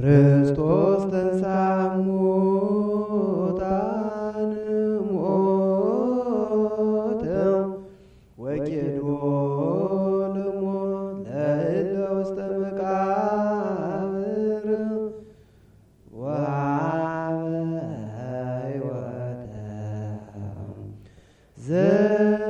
ክርስቶስ ተንሳሙ ሙታን ሞተው ለእለ ውስተ መቃብር ሕይወተ